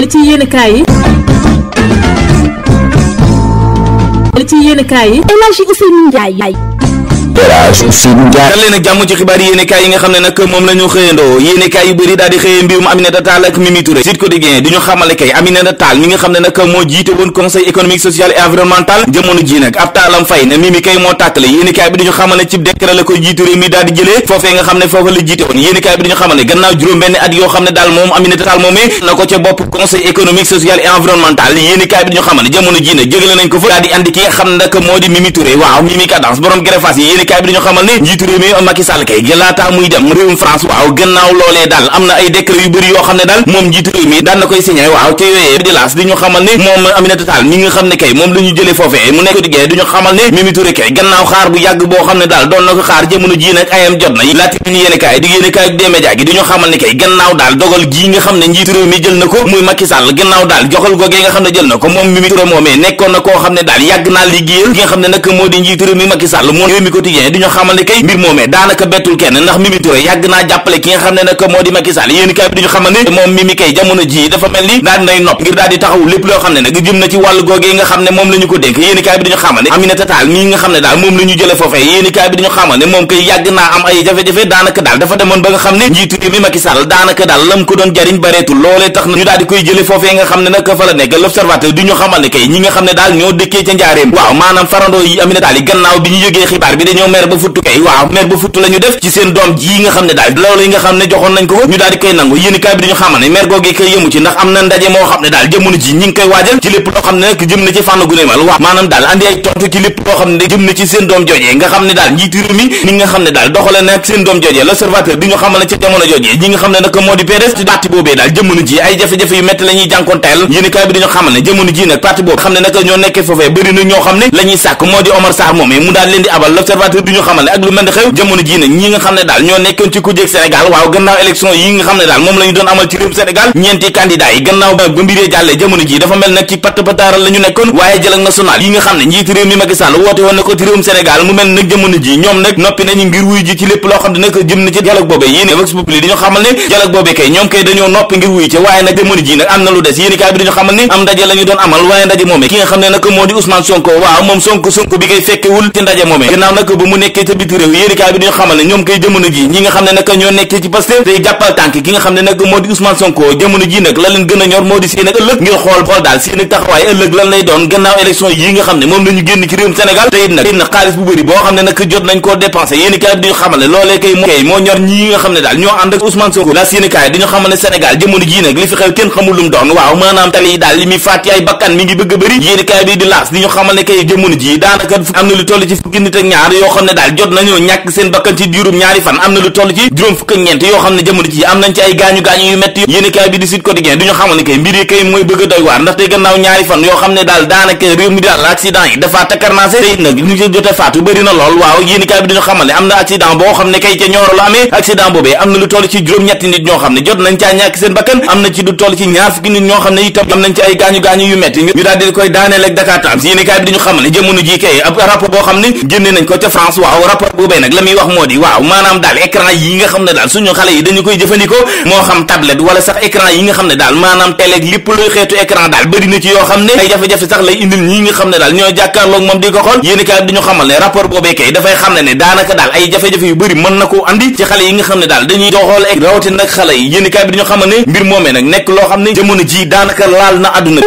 li ci yenn yi ci yenn yi El dal leen ak jàmm ci xibaar yi nga xam ne nag jiite woon conseil bi di ñu xamal woon yéenekaay bi nañ ko fa daal di andi ki nga xam ne moo di Mimi waaw Mimi Cadence borom greffas yi yéenekaay bi xamal ne njiitu réew mi Macky Sall kay laata muy dem réewum France waaw gannaaw loolee daal am na ay décret yu bëri yoo xam ne daal moom njiitu réew mi daan na koy signé waaw te yooyee di laas di ñu xamal ne moom Aminata Tall mi nga xam ne kay moom la ñu jëlee foofee mu nekk di gee du ñu xamal ne Mimi Touré kay gannaaw xaar bu yàgg boo xam ne daal doon na ko xaar jamono ji nag ayam jot na laati ñu yéene kaay di yéene kaay ak des médias gi di ñu xamal ne kay gannaaw daal dogal gii nga xam ne njiitu réew mi jël na ko muy Macky Sall gannaaw daal joxal googee nga xam ne jël na ko moom Mimi Touré moomee nekkoon na koo xam ne daal yàgg naa liggéeyal ki nga xam ne nag moo di njiitu réew mi Macky Sall moom réew mi quotidien di ñu xamal ne kay mbir moomee daanaka bettul kenn ndax Mimi Touré yàgg naa jàppale ki nga xam ne nag moo di Macky Sall yéen kay jamono ji dafa mel ni daal dinay nopp daal di taxaw xam ne nag jëm na ci wàllu googee nga xam ne ñu ko dénk yéen kaay bi nga xam ne daal moom la ñu jële foofee yéen kaay bi kay yàgg naa am ay daal dafa nga xam ne njiitu réew mi ko doon jariñ bareetul loolee tax na ñu daal di koy jële foofee nga xam ne nag fa la nekk l'observateur du ñu xamal futtu kay waaw mer ba futtu la def ci seen doom ji nga xam ne daal loolu yi nga xam ne joxoon nañ ko ko ñu daal di koy nangu yéen bi dañu xamal ne ji ne nag jëm nga xam ne daal ñoo nekkee foofee bëri na ñoo xam ne la sàkk moo di Omar Sarr moomee mu daal leen di abal l'observateur xamal ne ak lu mel ni xew jamono ji ne am na lu des yéen bi di xamal ne am ndaje la doon amal waaye ndaje moomee ki nga xam ne nag moo di Ousmane Sonko waaw moom Sonko Sonko bi kay fekkewul ci ndaje moomee nekkee ca biti réew yéenekaay bi dañu xamal ne kay jamono ji nag li fi xew kenn xamul doon waaw maanaam tali daal li muy ay bakkan mi ngi bëgg bëri yéenekaay bi di laas di ñu xamal ne kay jamono ji daanaka am na lu toll ci fukki nit ak ñaar yoo xam ne Sénégal jot nañoo ñàkk seen bakkan ci juróom ñaari fan am na lu toll ci juróom fukk ak ñeent yoo xam ne jamono ci ne kay mbir yi ñetti nit ñoo xam ne jot nañ caa ñàkk seen bakkan am na ci lu toll ci ñaar fukki nit ñoo xam ne itam am nañ ci ay gaañu-gaañu yu metti ñu daal di koy daaneel ak Dakar Times yéenekaay bi du xamal ne jamono ji kay ab rapport boo xam ne génne nañ ko ca France waaw rapport boobee nag la muy wax moo di waaw maanaam daal écran yi nga xam ne daal suñu xale yi dañu koy jëfandikoo moo xam tablette wala sax écran yi nga xam ne daal maanaam télé ak lépp luy xeetu écran na ci yoo xam ne ay jafe-jafe sax lay indil ñi ne daal ñoo rapport boobee kay dafay xam ne ne daanaka daal ay jafe-jafe yu bëri mën na ko andi ci xale yi nga xam ne daal dañuy doxool ak rawati nag xale yi yéeni bi dañu xamal ne mbir moomee nag nekk loo xam ne jamono ji daanaka laal na àdduna